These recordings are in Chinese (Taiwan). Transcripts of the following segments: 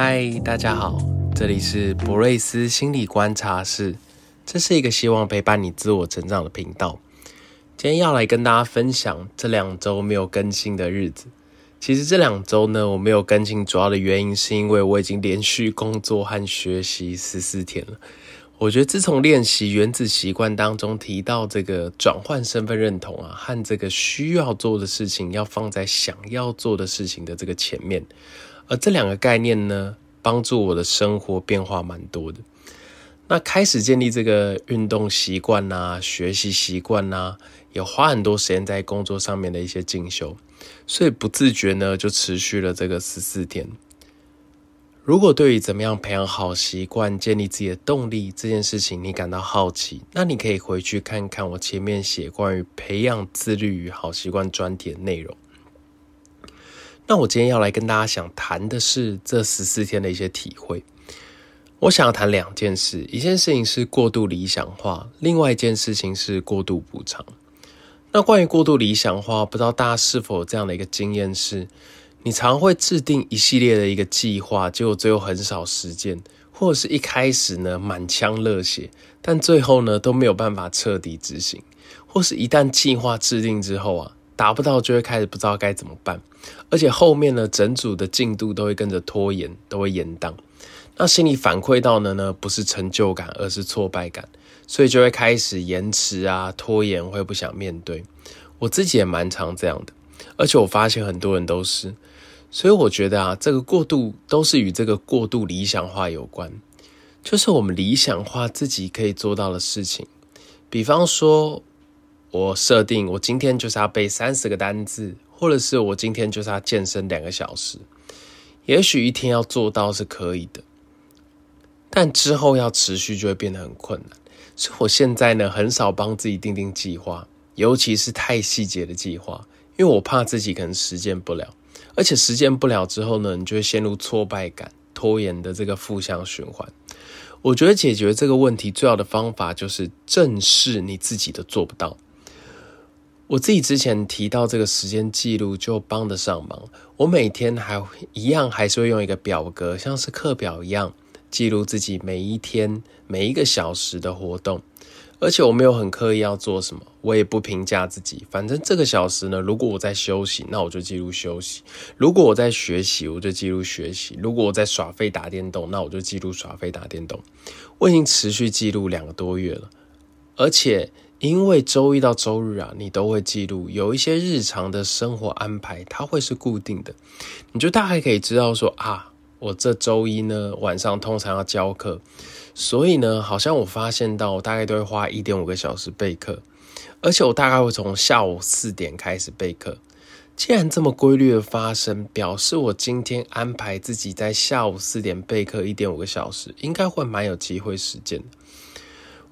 嗨，Hi, 大家好，這裡是博瑞斯心理觀察室，這是一個希望陪伴你自我成長的頻道。今天要來跟大家分享這兩周沒有更新的日子。其實這兩周呢，我沒有更新主要的原因是因為我已經連續工作和學習十四天了。我覺得自從練習原子習慣當中提到這個轉換身份認同啊，和這個需要做的事情要放在想要做的事情的這個前面。而這兩個概念呢，幫助我的生活變化蠻多的。那開始建立這個運動習慣啊，學習習慣啊，也花很多時間在工作上面的一些進修，所以不自覺呢就持續了這個十四天。如果對於怎麼樣培養好習慣、建立自己的動力這件事情，你感到好奇，那你可以回去看看我前面寫關於培養自律與好習慣專題的內容。那我今天要來跟大家想談的是這十四天的一些體會。我想要談兩件事，一件事情是過度理想化，另外一件事情是過度補償。那關於過度理想化，不知道大家是否有這樣的一個經驗是，是你常會制定一系列的一個計劃，結果最後很少實踐，或者是一開始呢滿腔熱血，但最後呢都沒有辦法徹底執行，或是一旦計劃制定之後啊。達不到就會開始不知道該怎麼辦，而且後面呢，整組的進度都會跟着拖延，都會延宕。那心理反饋到的呢，不是成就感，而是挫敗感，所以就會開始延遲啊、拖延，會不想面對。我自己也蠻常這樣的，而且我發現很多人都是。所以我覺得啊，這個過度都是與這個過度理想化有關，就是我們理想化自己可以做到的事情，比方說。我設定，我今天就是要背三十個單字，或者是我今天就是要健身兩個小時。也許一天要做到是可以的，但之後要持續就會變得很困難。所以我現在呢，很少幫自己訂定計劃，尤其是太細節的計劃，因為我怕自己可能實踐不了，而且實踐不了之後呢，你就會陷入挫敗感、拖延的這個負向循環。我覺得解決這個問題最好的方法就是正視你自己都做不到。我自己之前提到這個時間記錄就幫得上忙。我每天還一樣，還是會用一個表格，像是課表一樣，記錄自己每一天每一個小時的活動。而且我沒有很刻意要做什麼，我也不評價自己。反正這個小時呢，如果我在休息，那我就記錄休息；如果我在學習，我就記錄學習；如果我在耍廢打電動，那我就記錄耍廢打電動。我已經持續記錄兩個多月了，而且。因為週一到週日啊，你都會記錄有一些日常的生活安排，它會是固定的，你就大概可以知道說啊，我這週一呢晚上通常要教課，所以呢，好像我發現到我大概都會花一點五個小時備課，而且我大概會從下午四點開始備課。既然這麼規律的發生，表示我今天安排自己在下午四點備課一點五個小時，應該會蠻有機會實踐的。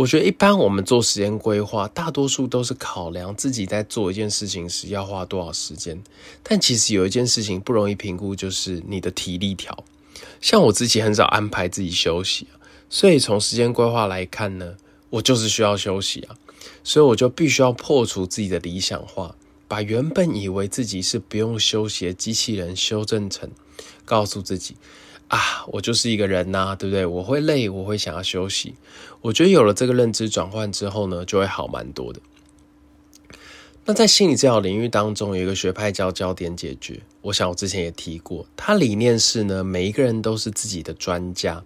我覺得一般我們做時間規劃，大多數都是考量自己在做一件事情時，要花多少時間。但其實有一件事情不容易評估，就是你的體力條。像我自己很少安排自己休息，所以從時間規劃來看呢，我就是需要休息啊。所以我就必須要破除自己的理想化，把原本以為自己是不用休息的機器人修正成，告訴自己。啊，我就是一個人吶啊，對不對？我會累，我會想要休息。我覺得有了這個認知轉換之後呢，就會好蠻多的。那在心理治療領域當中，有一個學派叫焦點解決，我想我之前也提過。他理念是呢，每一個人都是自己的專家，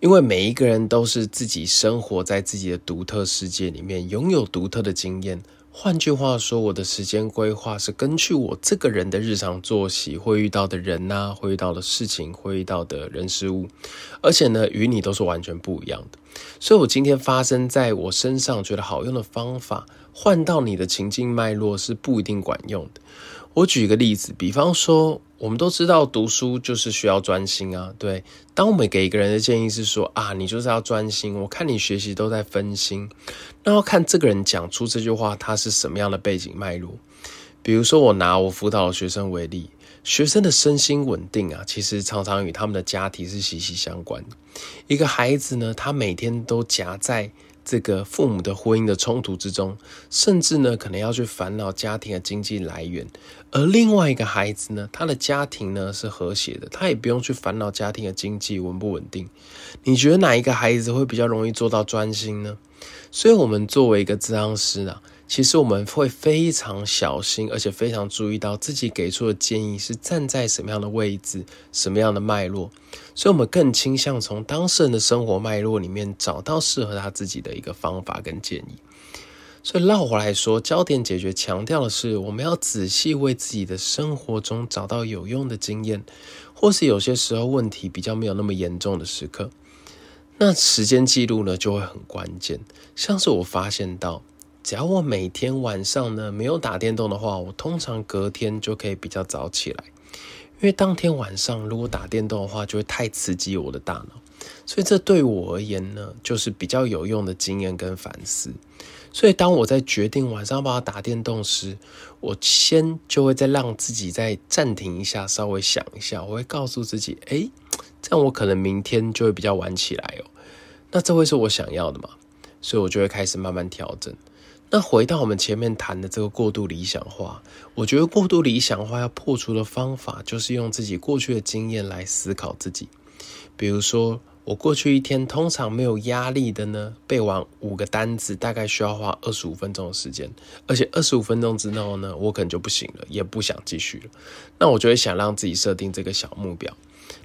因為每一個人都是自己生活在自己的獨特世界裡面，擁有獨特的經驗。換句話說，我的時間規劃是根據我這個人的日常作息、會遇到的人吶、啊、會遇到的事情、會遇到的人事物，而且呢，與你都是完全不一樣的。所以，我今天發生在我身上覺得好用的方法，換到你的情境脈絡是不一定管用的。我舉一個例子，比方說。我們都知道讀書就是需要專心啊，對。當我們給一個人的建議是說啊，你就是要專心，我看你學習都在分心。那要看這個人講出這句話，他是什麼樣的背景脈絡。比如說，我拿我輔導學生為例，學生的身心穩定啊，其實常常與他們的家庭是息息相關的。一個孩子呢，他每天都夾在。這個父母的婚姻的衝突之中，甚至呢，可能要去煩惱家庭的經濟來源，而另外一個孩子呢，他的家庭呢是和諧的，他也不用去煩惱家庭的經濟穩不穩定。你覺得哪一個孩子會比較容易做到專心呢？所以，我們作為一個諮商師呢、啊。其實我們會非常小心，而且非常注意到自己給出的建議是站在什麼樣的位置，什麼樣的脈絡，所以我們更傾向從當事人的生活脈絡裡面找到適合他自己的一個方法跟建議。所以繞回來說，焦點解決強調的是，我們要仔細為自己的生活中找到有用的經驗，或是有些時候問題比較沒有那麼嚴重的時刻，那時間記錄呢就會很關鍵。像是我發現到，只要我每天晚上呢沒有打電動的話，我通常隔天就可以比較早起來。因為當天晚上如果打電動的話，就會太刺激我的大腦，所以這對我而言呢，就是比較有用的經驗跟反思。所以當我在決定晚上要不要打電動時，我先就會再讓自己再暫停一下，稍微想一下。我會告訴自己，哎，這樣我可能明天就會比較晚起來哦。那這會是我想要的嗎？所以我就會開始慢慢調整。那回到我們前面談的這個過度理想化，我覺得過度理想化要破除的方法，就是用自己過去的經驗來思考自己。比如說，我過去一天通常沒有壓力的呢，背完五個單字大概需要花二十五分鐘的時間，而且二十五分鐘之後呢，我可能就不行了，也不想繼續了。那我就會想讓自己設定這個小目標。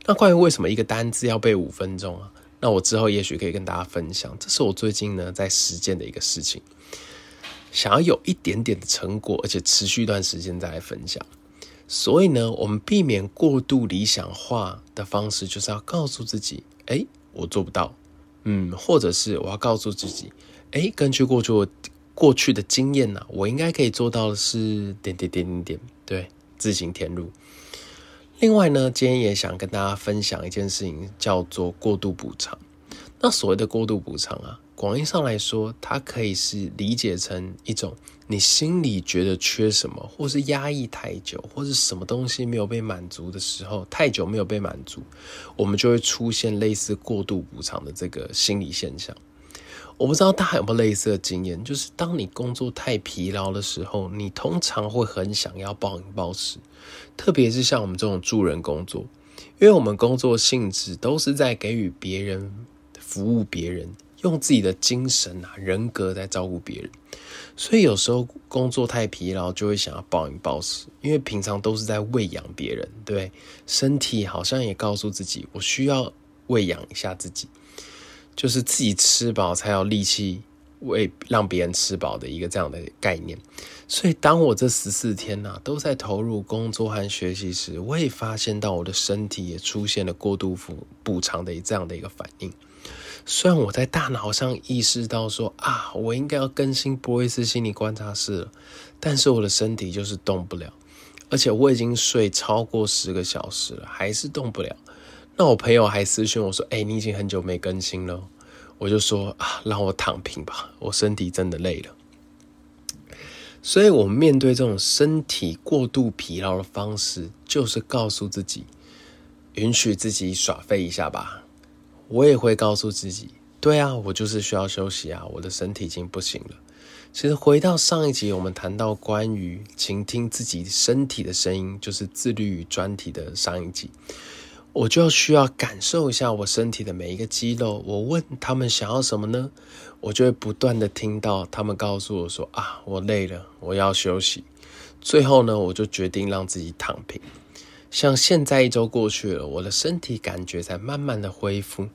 那關於為什麼一個單字要背五分鐘啊？那我之後也許可以跟大家分享，這是我最近呢在實踐的一個事情。想要有一點點的成果，而且持續一段時間再來分享。所以呢，我們避免過度理想化的方式，就是要告訴自己：哎，我做不到。嗯，或者是我要告訴自己：哎，根據過去過去的經驗呢，我應該可以做到的是點點點點點。對，自行填入。另外呢，今天也想跟大家分享一件事情，叫做過度補償。那所謂的過度補償啊。廣義上來說，它可以是理解成一種你心裡覺得缺什麼，或是壓抑太久，或是什麼東西沒有被滿足的時候，太久沒有被滿足，我們就會出現類似過度補償的這個心理現象。我不知道大家有沒有類似的經驗，就是當你工作太疲勞的時候，你通常會很想要暴飲暴食，特別是像我們這種助人工作，因為我們工作的性質都是在給予別人、服務別人。用自己的精神啊、人格在照顧別人，所以有時候工作太疲勞，就會想要暴飲暴食，因為平常都是在餵養別人，對，身體好像也告訴自己，我需要餵養一下自己，就是自己吃飽才有力氣餵讓別人吃飽的一個這樣的概念。所以當我這十四天啊，都在投入工作和學習時，我也發現到我的身體也出現了過度補償的這樣的一個反應。雖然我在大腦上意識到說啊，我應該要更新波伊斯心理觀察室了，但是我的身體就是動不了，而且我已經睡超過十個小時了，還是動不了。那我朋友還私訊我說，哎、欸，你已經很久沒更新了，我就說啊，讓我躺平吧，我身體真的累了。所以，我們面對這種身體過度疲勞的方式，就是告訴自己，允許自己耍廢一下吧。我也會告訴自己，對啊，我就是需要休息啊，我的身體已經不行了。其實回到上一集，我們談到關於傾聽自己身體的聲音，就是自律與專題的上一集，我就需要感受一下我身體的每一個肌肉，我問他們想要什麼呢？我就會不斷地聽到他們告訴我說啊，我累了，我要休息。最後呢，我就決定讓自己躺平。像現在一周過去了，我的身體感覺在慢慢的恢復，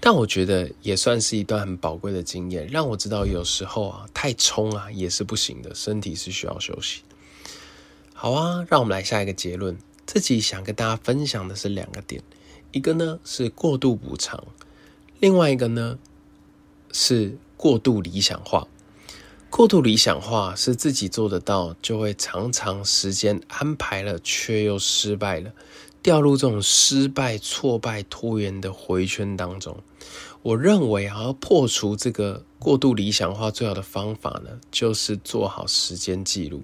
但我覺得也算是一段很寶貴的經驗，讓我知道有時候啊，太衝啊也是不行的，身體是需要休息。好啊，讓我們來下一個結論。自己想跟大家分享的是兩個點，一個呢是過度補償，另外一個呢是過度理想化。過度理想化是自己做得到，就會常常時間安排了，卻又失敗了，掉入這種失敗、挫敗、拖延的回圈當中。我認為啊，要破除這個過度理想化最好的方法呢，就是做好時間記錄，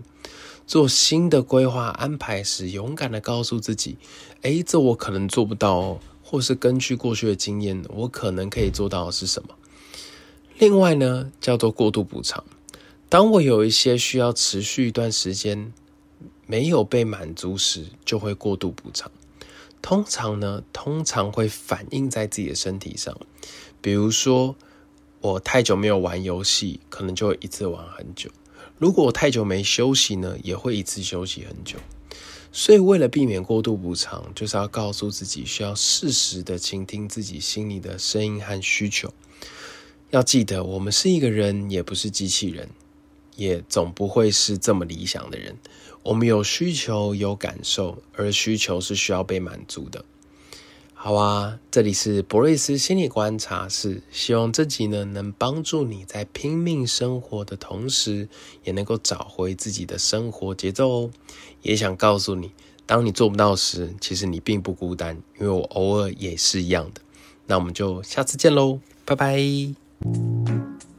做新的規劃安排時，勇敢的告訴自己，哎、欸，這我可能做不到哦，或是根據過去的經驗，我可能可以做到的是什麼？另外呢，叫做過度補償。當我有一些需要持續一段時間沒有被滿足時，就會過度補償。通常呢，通常會反映在自己的身體上，比如說我太久沒有玩遊戲，可能就會一次玩很久；如果我太久沒休息呢，也會一次休息很久。所以為了避免過度補償，就是要告訴自己需要適時的傾聽自己心裡的聲音和需求。要記得，我們是一個人，也不是機器人。也總不會是這麼理想的人。我們有需求，有感受，而需求是需要被滿足的。好啊，這裡是博瑞斯心理觀察室，希望這集呢能幫助你在拼命生活的同時，也能夠找回自己的生活節奏哦。也想告訴你，當你做不到時，其實你並不孤單，因為我偶爾也是一樣的。那我們就下次見嘍，拜拜。